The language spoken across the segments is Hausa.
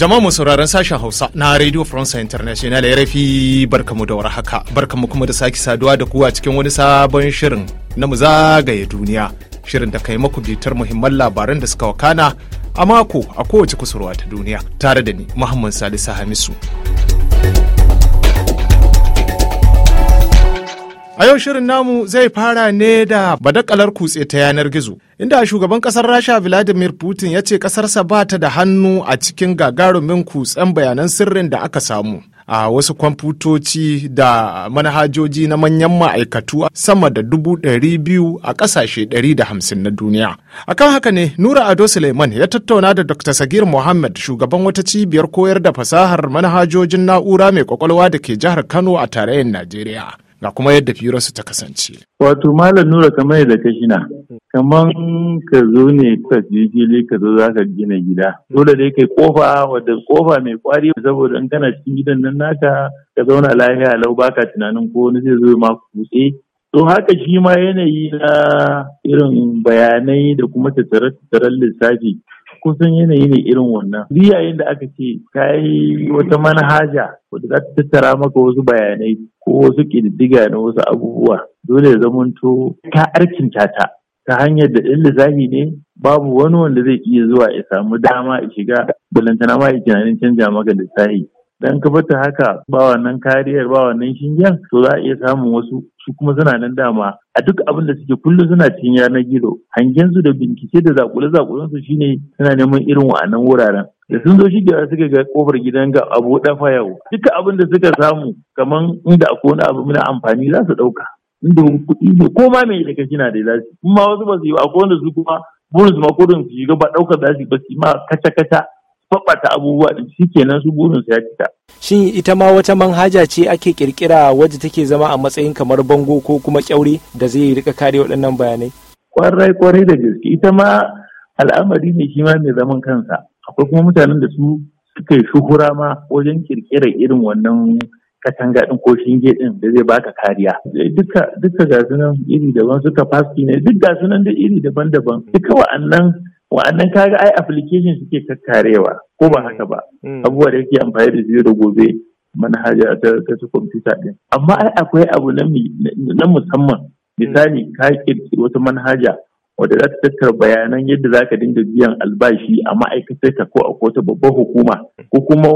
Jama'a sauraron sashen Hausa na Radio France International ya rafi barkamu da warhaka. Barkamu kuma da saki saduwa da kuwa cikin wani sabon shirin na mu zagaye duniya. Shirin da kai maku bitar muhimman labaran da suka wakana a mako a kowace kusurwa ta duniya tare da ni Muhammad Salisu Hamisu. A yau shirin namu zai fara ne da badakalar kutse ta yanar gizo, inda shugaban kasar Rasha Vladimir Putin ya ce kasarsa ba ta da hannu a cikin gagarumin kutsen bayanan sirrin da aka samu. A wasu kwamfutoci da manhajoji na manyan ma'aikatu sama da dubu ɗari biyu a ƙasashe ɗari da hamsin na duniya. a kan haka ne Nura Ado Suleiman ya tattauna da Dr. Sagir Mohammed shugaban wata cibiyar koyar da fasahar manhajojin na'ura mai kwakwalwa da ke jihar Kano a tarayyar Najeriya. ga kuma yadda firarsu ta kasance. Wato Malam Nura kamar yadda ka shina, kamar ka zo ne ka jijili ka zo za ka gina gida. Dole dai kai kofa wadda kofa mai kwari saboda in kana cikin gidan nan naka ka zauna lafiya lau baka tunanin ko wani zai zo ma kutse. To haka shi ma yanayi na irin bayanai da kuma tattare-tattaren lissafi kusan yanayi ne irin wannan duk yayin da aka ce ka yi wata manhaja wadda za ta tattara maka wasu bayanai ko wasu ƙididdiga na wasu abubuwa dole ya zamanto ta arkinta ta ta hanyar da ɗin lissafi ne babu wani wanda zai iya zuwa ya samu dama ya shiga balantana ma ya tunanin canja maka lissafi dan ka bata haka ba wannan kariyar ba wannan shingen to za a iya samun wasu su kuma suna nan dama a duk abin da suke kullum suna cin yanar gizo hangen su da bincike da zakule zakulen su shine suna neman irin wa'annan wuraren da sun zo shi gaba suka ga kofar gidan ga abu da yau duka abin da suka samu kamar inda akwai wani abu muna amfani za su ɗauka inda kuɗi ne ko ma mai daga na da za su wasu ba su yi ba akwai wanda su kuma burin su ma kodin su shiga ba ɗaukar za su ba su ma kaca-kaca faɓata abubuwa din shi kenan su burin su ya cika. Shin ita ma wata manhaja ce ake ƙirƙira wadda take zama a matsayin kamar bango ko kuma ƙyaure da zai rika kare waɗannan bayanai? Kwarai kwarai da gaske ita ma al'amari ne shi ma mai zaman kansa akwai kuma mutanen da su suka yi shuhura ma wajen ƙirƙirar irin wannan katanga ɗin ko shinge ɗin da zai baka kariya duka gasunan iri daban suka faski ne duk gasunan da iri daban-daban duka wa'annan wa'annan kaga ai application suke tattarewa ko ba haka ba hmm. abubuwa da yake amfani da jiyo da gobe manhaja ta ta kwamfuta din amma ai akwai abu na musamman misali ka kirkiri wata manhaja wadda za ta tattara bayanan yadda za ka dinga biyan albashi a ma'aikatarka ko a wata babbar hukuma ko kuma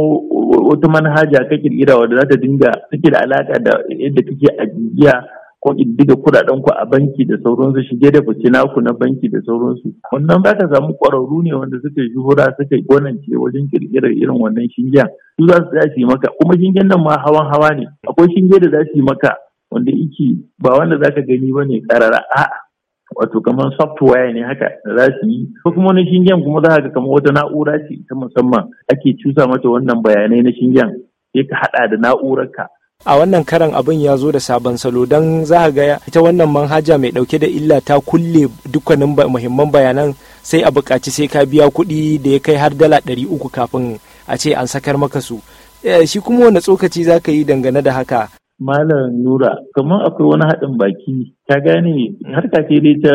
wata manhaja ka kirkira wadda za ta dinga take da alaka da yadda kake ajiya ko diga kudaden ku a banki da sauransu shige da fice naku na banki da sauransu wannan za ka samu kwararru ne wanda suka yi shuhura suka gonance wajen ƙirƙirar irin wannan shingen su za su yi maka kuma shingen nan ma hawan hawa ne akwai shinge da za su yi maka wanda iki ba wanda za ka gani ba ne karara. a'a wato kamar software ne haka da za su yi ko kuma wani shingen kuma za ka kamar wata na'ura ce ta musamman ake cusa mata wannan bayanai na shingen sai ka hada da na'urarka a wannan karan abin ya zo da sabon salo don za a ga ita wannan manhaja mai dauke da illa ta kulle dukkanin muhimman bayanan sai a bukaci sai ka biya kuɗi da ya kai har dala ɗari uku kafin a ce an sakar maka su eh, shi kuma wani tsokaci za ka yi dangane da haka Malam Nura, kamar akwai wani haɗin baki, ta gane harka ce dai ta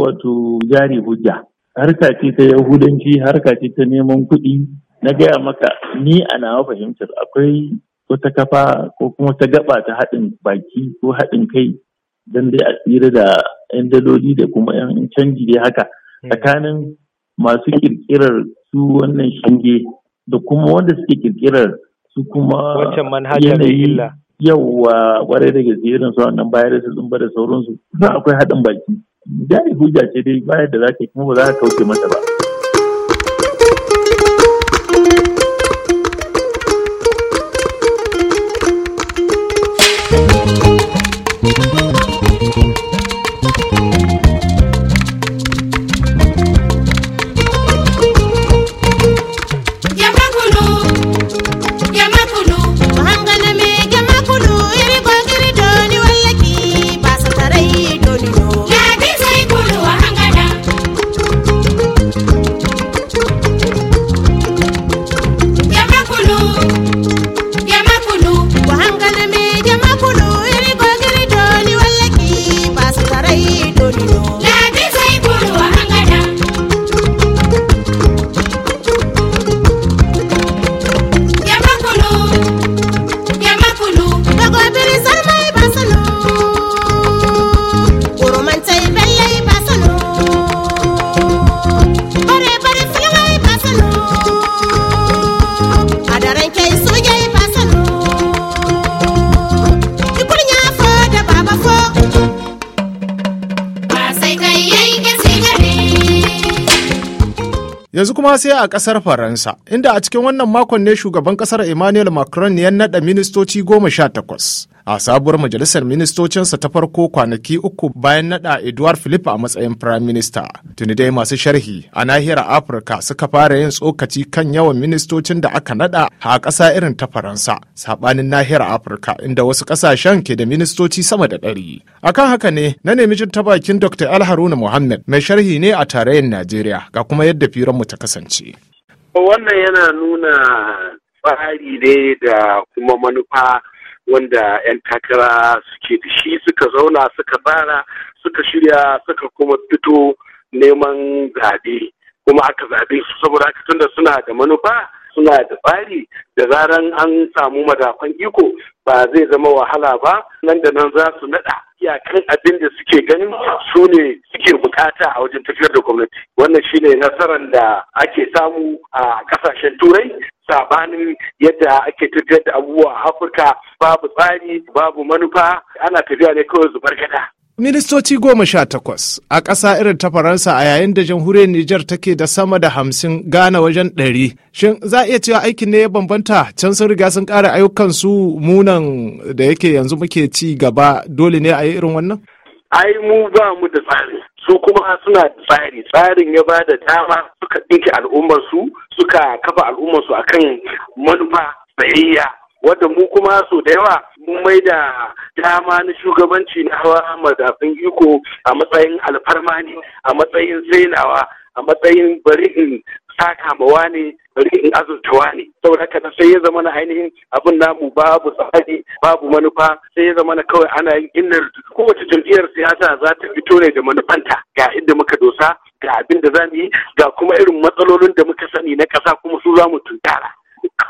wato jari hujja, harka ce ta Yahudanci, harka ce ta neman kuɗi, na gaya maka ni a nawa fahimtar akwai wata kafa ko kuma ta gaba ta haɗin baki ko haɗin kai don dai a tsira da 'yan daloli da kuma 'yan canji dai haka hmm. tsakanin masu kirkirar su wannan shinge da kuma wanda suke kirkirar su kuma yanayi manhajar ware da gaske irin su wannan bayar da su tsumba da sauransu akwai haɗin baki jari hujja ce dai bayar da za ka kuma ba za ka kauce mata ba kuma sai a kasar Faransa, inda a cikin wannan makon ne shugaban kasar Emmanuel Macron ya naɗa ministoci goma sha takwas. a sabuwar majalisar ministocinsa ta farko kwanaki uku bayan nada edward philip a matsayin prime minister tuni dai masu sharhi a nahiyar afirka suka fara yin tsokaci kan yawan ministocin da aka naɗa a ƙasa irin ta faransa saɓanin nahiyar afirka inda wasu ƙasashen ke da ministoci sama da ɗari akan haka ne na nemi jin ta bakin dr alharuna muhammad mai sharhi ne a tarayyar najeriya ga kuma yadda firanmu ta kasance wannan yana nuna tsari ne da kuma manufa wanda 'yan takara suke da shi suka zauna suka tsara suka shirya suka kuma fito neman zaɓe kuma aka zaɓe su saboda haka tunda suna da manufa suna da tsari da zaran an samu madafan iko ba zai zama wahala ba nan da nan za su naɗa iyakan abin da suke ganin su ne suke bukata a wajen tafiyar da gwamnati wannan shine nasarar da ake samu a kasashen turai sabanin yadda ake tafiyar da abubuwa a afirka babu tsari babu manufa ana tafiya ne kawai zubar gada Ministoci goma sha takwas a ƙasa irin ta Faransa a yayin da jamhuriyar Nijar take da sama da hamsin gana wajen ɗari. Shin za a iya cewa aikin ne ya bambanta can sun riga sun ƙara ayyukansu munan da yake yanzu muke ci gaba dole ne a yi irin wannan? Ai mu ba mu da tsari. Su kuma suna da tsari, tsarin ya ba da dama suka ɗinke al'ummarsu suka kafa al'ummar al'ummarsu akan manufa tsayayya wadda mu kuma so da yawa mun mai da dama na shugabanci na hawa madafin iko a matsayin alfarma ne a matsayin zainawa a matsayin bari in saka ne bari in azurtawa ne saboda haka sai ya zama na ainihin abin namu babu tsari babu manufa sai ya zama na kawai ana yin innar kowace jam'iyyar siyasa za ta fito ne da manufanta ga inda muka dosa ga abin da za mu yi ga kuma irin matsalolin da muka sani na ƙasa kuma su za mu tunkara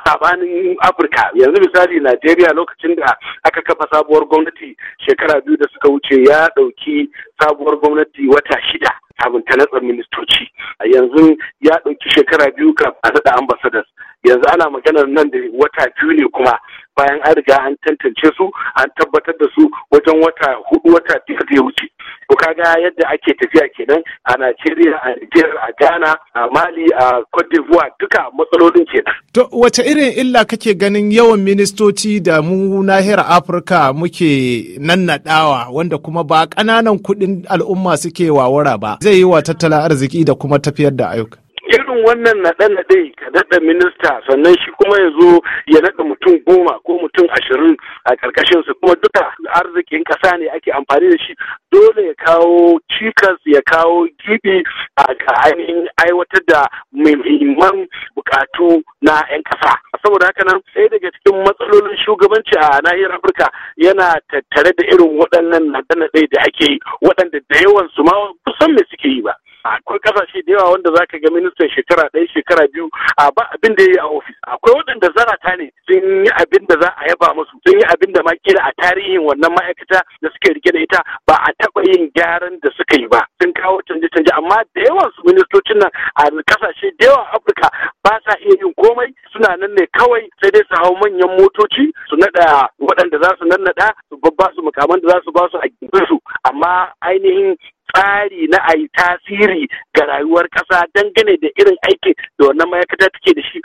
sabanin afirka yanzu misali najeriya lokacin da aka kafa sabuwar gwamnati shekara biyu da suka wuce ya ɗauki sabuwar gwamnati wata shida kafin ta natsar ministoci a yanzu ya ɗauki shekara biyu kafin a naɗa ambassadors yanzu ana maganar nan da wata biyu ne kuma bayan an riga an tantance su an tabbatar da su wajen wata hudu wata biyar da ya wuce ko kaga yadda ake tafiya kenan a Najeriya a Niger a Ghana a Mali a Cote d'Ivoire duka matsalolin kenan to wace irin illa kake ganin yawan ministoci da mu nahiyar Afirka muke nannaɗawa wanda kuma ba kananan kuɗin al'umma suke wawara ba zai yi wa tattalin arziki da kuma tafiyar da ayyuka irin wannan naɗe-naɗe ka daɗa minista sannan shi kuma ya zo ya naɗa mutum goma ko mutum ashirin a ƙarƙashinsu kuma duka arzikin ƙasa ne ake amfani da shi dole ya kawo cikas ya kawo gibi a ainihin aiwatar da muhimman bukatu na 'yan kasa saboda haka nan sai daga cikin matsalolin shugabanci a nahiyar afirka yana tattare da irin waɗannan naɗe-naɗe da ake yi waɗanda da yawan su ma kusan me suke yi ba akwai kasashe da yawa wanda zaka ga ministan shekara ɗaya shekara biyu a ba abin da ya yi a ofis akwai waɗanda zarata ne sun yi abin da za a yaba musu sun yi abin da ma kila a tarihin wannan ma'aikata da suke rike da ita ba a taɓa yin gyaran da suka yi ba sun kawo canje-canje amma da yawan su ministocin nan a kasashe da yawan afirka ba sa iya yin komai suna nan ne kawai sai dai su hau manyan motoci su naɗa waɗanda za su nannaɗa su babba su mukaman da za su ba su a su amma ainihin tsari na a tasiri ga rayuwar ƙasa dangane da irin aikin da wannan ma'aikata take da shi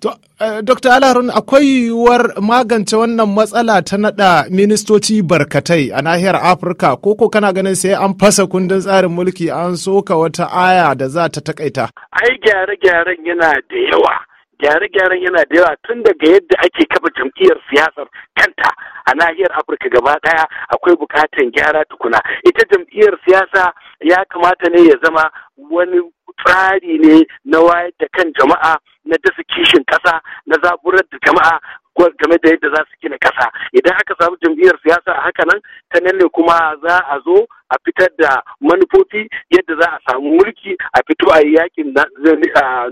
To, eh, Dr. Alharun akwai yiwuwar magance wannan matsala ta naɗa ministoci barkatai a nahiyar Afirka ko kana ganin sai an fasa kundin tsarin mulki an soka wata aya da za ta takaita. Ai gyare-gyaren yana da yawa. Gyare-gyaren yana da yawa tun daga yadda ake kafa jam'iyyar siyasar kanta a nahiyar Afirka gaba daya akwai bukatan gyara tukuna. Ita jam'iyyar siyasa ya kamata ne ya zama wani tsari ne na wayar da kan jama'a na dasa kishin ƙasa na zaburar da jama'a game da yadda za su gina kasa idan aka samu jam'iyyar siyasa a haka nan ta nan ne kuma za a zo a fitar da manufofi yadda za a samu mulki a fito a yi yakin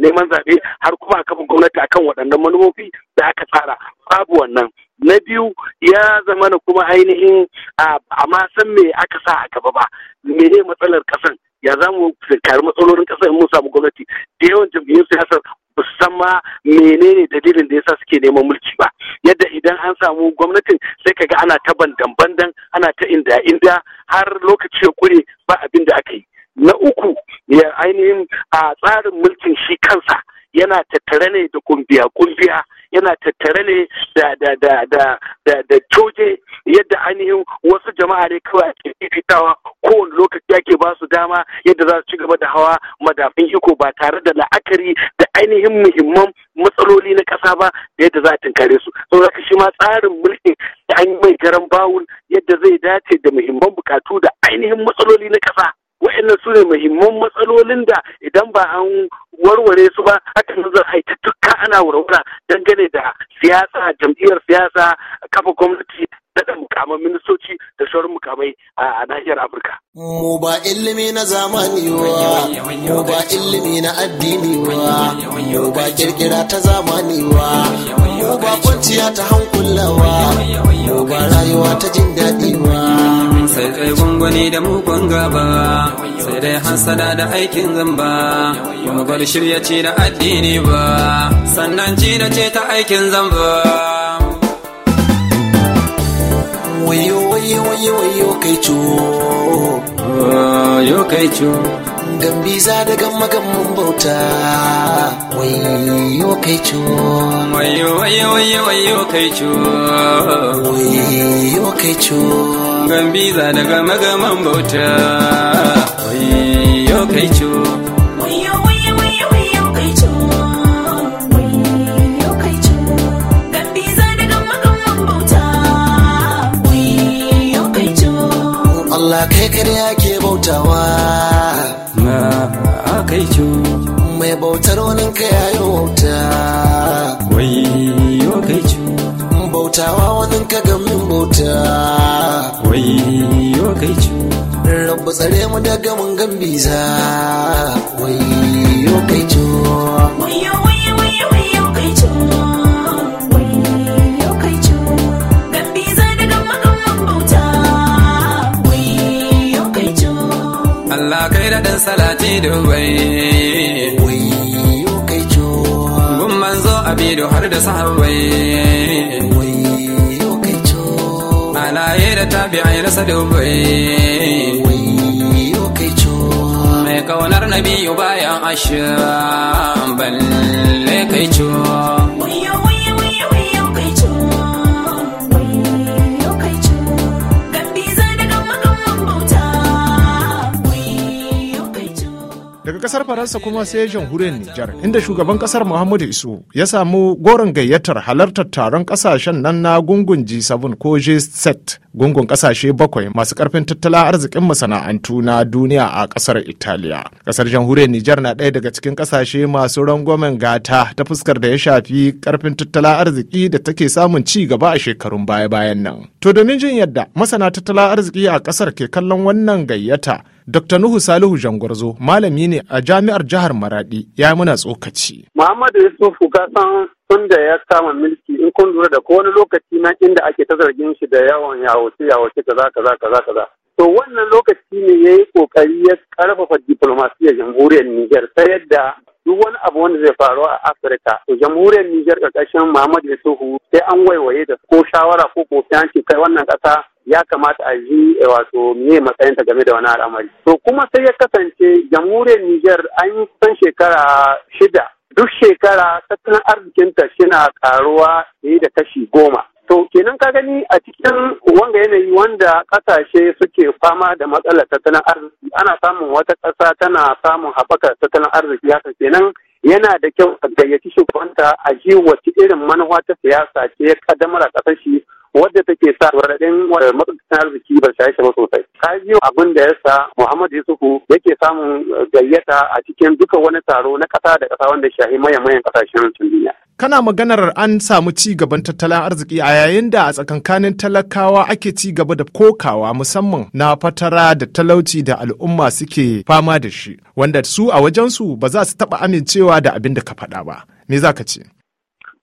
neman zaɓe har kuma a kafa gwamnati akan waɗannan manufofi da aka tsara babu wannan na biyu ya zama na kuma ainihin a ma san me aka sa a gaba ba mene matsalar kasan ya za mu kare matsalolin in mun samu gwamnati da yawan jam'iyyun siyasar ba su san ma menene dalilin da yasa suke neman mulki ba yadda idan an samu gwamnatin sai ka ga ana ta bandan bandan ana ta inda inda har lokaci ya kure ba abin da aka yi na uku ya ainihin a tsarin mulkin shi kansa yana tattare ne da kumbiya kumbiya yana tattare ne da coje yadda ainihin wasu jama'a ne kawai ake fifitawa kowane lokaci ake ba su dama yadda za su ci gaba da hawa madafin iko ba tare da la'akari da ainihin muhimman matsaloli na ƙasa ba da yadda za a tunkare su zaka shi ma tsarin mulkin da an yi mai garan bawul yadda zai dace da muhimman bukatu da ainihin matsaloli na ƙasa wa'annan su ne muhimman matsalolin da idan ba an warware su ba haka nan zan haita tukka ana warwara dangane da siyasa jam'iyyar siyasa kafa gwamnati daɗa mukamman ministoci da sauran mukamai a nahiyar Afirka. Mu ba ilimi na zamani wa, mu ba ilimi na addini wa, mu ba kirkira ta zamani wa, mu ba kwanciya ta hankulawa, mu ba rayuwa ta jin daɗi wa. sai dai gwangwani da mugun gaba sai dai hansada da aikin zamba mu bar shirya ce da addini ba sannan ji da ce ta aikin zamba wayo wayo wayo wayo kai co wayo kai co gambi za da gamma gamman bauta wayo kai co wayo wayo wayo wayo kai co wayo kai co gambi za da gamma gamman bauta wayo kai co Allah kai kare ake bautawa na akai cu mai bautar wani kai ayo wauta wai yo kai cu bautawa wani ka gamin bauta wai yo kai cu rabu tsare mu daga mun gambiza wai yo kai cu wai yo Allah kai daɗin salati Wai wayo kai co abido har da sahabbai wayo kai co alaye da tabi'ai na Wai wayo kai co mai kaunar biyu bayan ashirin balle kai co kasar faransa kuma sai jamhuriyar nijar inda shugaban kasar muhammadu isu ya samu goron gayyatar halartar taron kasashen nan na gungun g7 ko g7 gungun kasashe bakwai masu karfin tattalin arzikin masana'antu na duniya a kasar Italiya. Kasar jamhuriyar Nijar na ɗaya daga cikin kasashe masu rangwamen gata ta fuskar da ya shafi karfin tattalin arziki da take samun ci gaba a shekarun baya-bayan nan. To domin jin yadda masana tattalin arziki a kasar ke kallon wannan gayyata Dr. Nuhu Salihu Jangwarzo malami ne a jami'ar jihar Maradi ya muna tsokaci. Muhammadu Yusufu ka san tun da ya kama mulki in kun lura da kowane lokaci na inda ake ta zargin shi da yawan yawace yawace kaza kaza kaza kaza to wannan lokaci ne yayi kokari ya karfafa diplomasiyyar jamhuriyar Niger ta yadda duk wani abu wanda zai faru a Afirka to jamhuriyar Niger karkashin Muhammadu Yusufu sai an waiwaye da ko shawara ko ko ce kai wannan kasa ya kamata a ji eh, wato me ta game da wani al'amari to kuma sai ya kasance jamhuriyar Niger an san shekara shida duk shekara tattalin arzikinta shina karuwa fiye da kashi goma. To kenan ka gani a cikin wanga yanayi wanda kasashe suke fama da matsalar tattalin arziki ana samun wata ƙasa tana samun haɓakar tattalin arziki haka kenan yana da kyau a gayyaci shugabanta a ji wacce irin manufa ta siyasa ce ya kaddamar a ƙasashe wadda take sa raɗin matsalolin arziki ba shaye ba sosai. ka ji abin da yasa Muhammad Yusufu yake samun gayyata a cikin duka wani taro na kasa da ƙasa wanda shahi mayan-mayan ƙasashen duniya. Kana maganar an samu ci gaban tattalin arziki a yayin da a tsakankanin talakawa ake ci gaba da kokawa musamman na fatara da talauci da al'umma suke fama da shi wanda su a wajensu ba za su taɓa amincewa da abin da ka faɗa ba. Me za ka ce?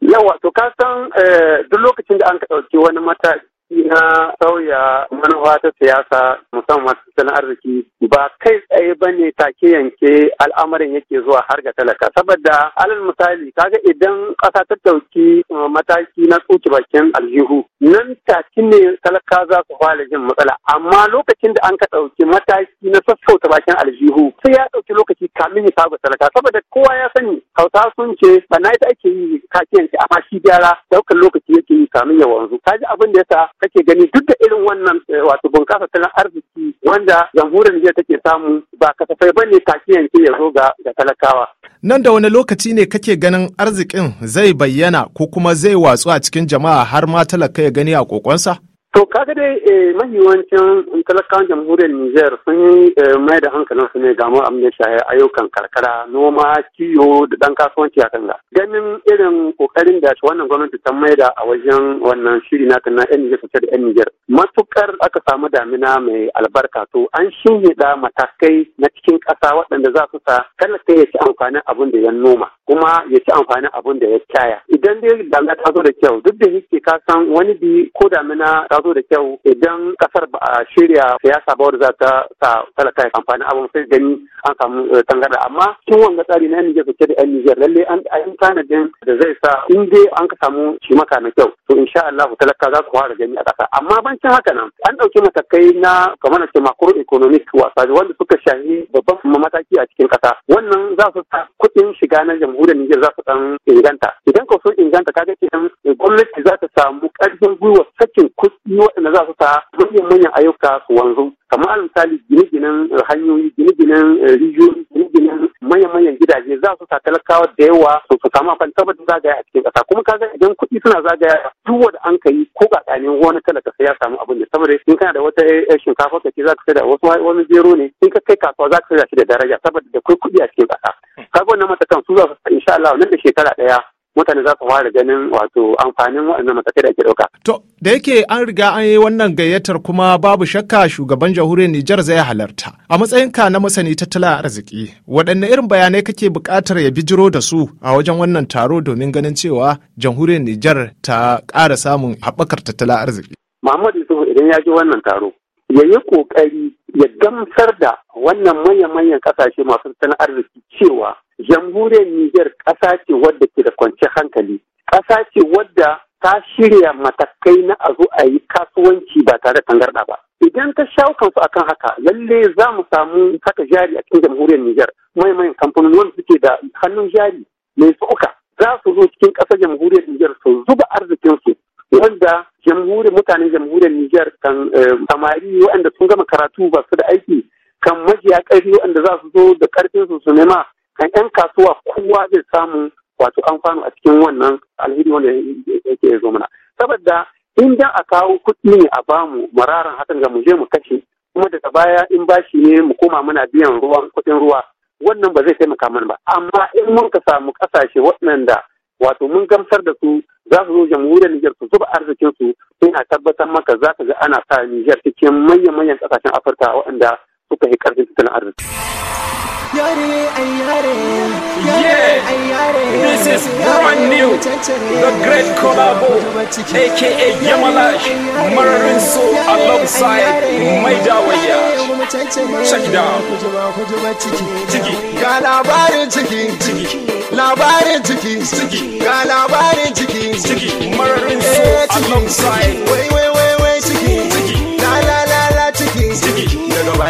Yawa, to ka san eh, duk lokacin da an ka ɗauki wani mataki mataki na sauya manufa ta siyasa musamman tattalin arziki ba kai tsaye ba ne take yanke al'amarin yake zuwa har ga talaka saboda alal misali kaga idan ƙasa ta ɗauki uh, mataki na tsoki bakin aljihu nan take ne talaka za su fara jin matsala amma lokacin da an ka ɗauki mataki na sassauta bakin aljihu sai ya ɗauki lokaci kamin ya saba talaka saboda kowa ya sani hausa sun ce bana ita ake yi kakiyan ce amma shi gyara daukar lokaci yake yi kamin ya wanzu ka ji abin da yasa kake gani duk da irin wannan eh, wato bunƙasa tattalin arziki wanda jamhuriyar Nijar take samu ba kasafai ne kakiyan ce ya zo ga talakawa nan da wani lokaci ne kake ganin arzikin zai bayyana ko kuma zai watsu a cikin jama'a har ma talaka ya gani a kokonsa To kaga dai eh, mahi yawancin talakawan jamhuriyar Nijar sun yi eh, mai da hankalin su ne ga a da shaye ayyukan karkara noma kiwo da dan kasuwanci a kanga. Ganin irin kokarin da wannan gwamnati ta mai da a wajen wannan shiri na kan yan Nijar da yan Nijar. Matukar aka samu damina mai albarka to an da matakai na cikin ƙasa waɗanda za su sa talaka ya ci amfanin abin da ya noma kuma ya ci amfanin abin da ya kyaya. Idan dai damina ta zo da kyau duk da yake ka san wani bi ko damina zo da kyau idan kasar ba a shirya siyasa ba wadda za ta sa talaka ya amfani abin sai gani an samu eh, tangarda amma tun wanga tsari na yan Nijar da yan Nijar lalle an tanadin da zai sa in dai an ka samu shi maka na kyau to insha Allah talaka za su fara gani a ƙasa amma bancin haka nan an ɗauki matakai na kamar na ce macro economic wasa wanda suka shahi babban mataki a cikin ƙasa wannan za su sa kuɗin shiga na jamhuriyar Nijar za su ɗan inganta idan ka so inganta kaga kenan gwamnati za ta samu ƙarfin gwiwa sakin kuɗi waɗanda za su sa manyan manyan ayyuka su wanzu kamar misali gine-ginen eh, hanyoyi gine-ginen eh, rijiyoyi gine-ginen manya-manyan gidaje za su sa talakawa da yawa su su samu abin tabbatar zagaya a cikin kasa kuma ka kaga idan kuɗi suna zagaya duk wanda an kai ko ga ɗanin wani talaka sai ya samu abin da saboda in kana da wata eh, shinkafa ka ce za ka sai da wasu wani zero ne in ka kai kasuwa za ka sai da shi da daraja saboda da kai kuɗi a cikin ƙasa kaga wannan matakan su za su insha Allah nan da shekara ɗaya mutane za su fara ganin wato amfanin waɗannan matakai da ake ɗauka. To da yake an riga an yi wannan gayyatar kuma babu shakka shugaban jamhuriyar Nijar zai halarta. A matsayinka na masani tattalin arziki, waɗanne irin bayanai kake buƙatar ya bijiro da su a wajen wannan taro domin ganin cewa jamhuriyar Nijar ta ƙara samun haɓakar tattalin arziki. Muhammadu Yusuf idan ya je wannan taro ya yi ƙoƙari ya gamsar da wannan manya manyan ƙasashe masu tattalin arziki cewa jamhuriyar Nijar ƙasa ce wadda ke da kwanciyar hankali, ƙasa ce wadda ta shirya matakai na a zo a yi kasuwanci ba tare da tangarɗa ba. Idan ta shawo kansu akan haka, lalle za mu samu haka jari a cikin jamhuriyar Nijar, maimayin kamfanoni wanda suke da hannun jari mai tsoka za su zo cikin ƙasar jamhuriyar Nijar su zuba arzikinsu wanda jamhuriyar mutanen jamhuriyar Nijar kan eh, samari waɗanda sun gama karatu ba su da aiki kan majiya ƙarfi waɗanda za su zo da ƙarfinsu su nema dan yan kasuwa kowa zai samu wato amfano a cikin wannan alheri wanda yake zo mana saboda in dan a kawo kuɗi ne a bamu mararan hakan ga mu je mu kashe kuma daga baya in bashi ne mu koma muna biyan ruwan kuɗin ruwa wannan ba zai taimaka mana ba amma in mun ka samu ƙasashe waɗanda wato mun gamsar da su za su zo jamhuriyar Nijar su zuba arzikin su ina tabbatar maka za ka ga ana sa Nijar cikin manyan manyan kasashen Afirka waɗanda suka yi karfin tattalin arziki. Yare new, the great collabo, aka Yamalash, Mararin alongside Check it out. alongside.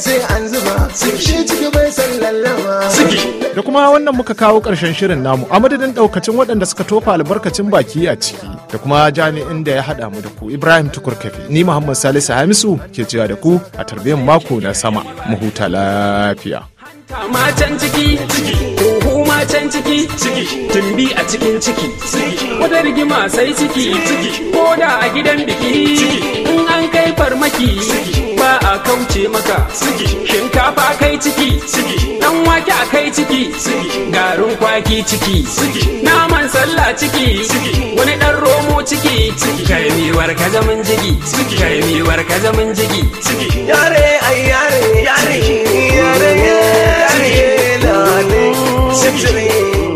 sai an da kuma wannan muka kawo ƙarshen shirin namu a madadin ɗaukacin waɗanda suka tofa albarkacin baki a ciki da kuma jami'in da ya haɗa mu da ku Ibrahim Tukurkafi ni Muhammad Salisu Hamisu ke cewa da ku a tarbiyyar mako na sama mu huta lafiya Kama can ciki, huhu ma can ciki, tumbi a cikin ciki, wata rigima sai ciki, ko da a gidan biki, in an kai farmaki ba a kauce maka, shinkafa kai ciki, dan wake a kai ciki, garin kwaki ciki, naman sallah ciki, wani dan romo ciki, kai miwar ka zaman jigi, kai miwar ka zaman jigi, yare ai yare, yare, yare, yare. shirye lalin shirye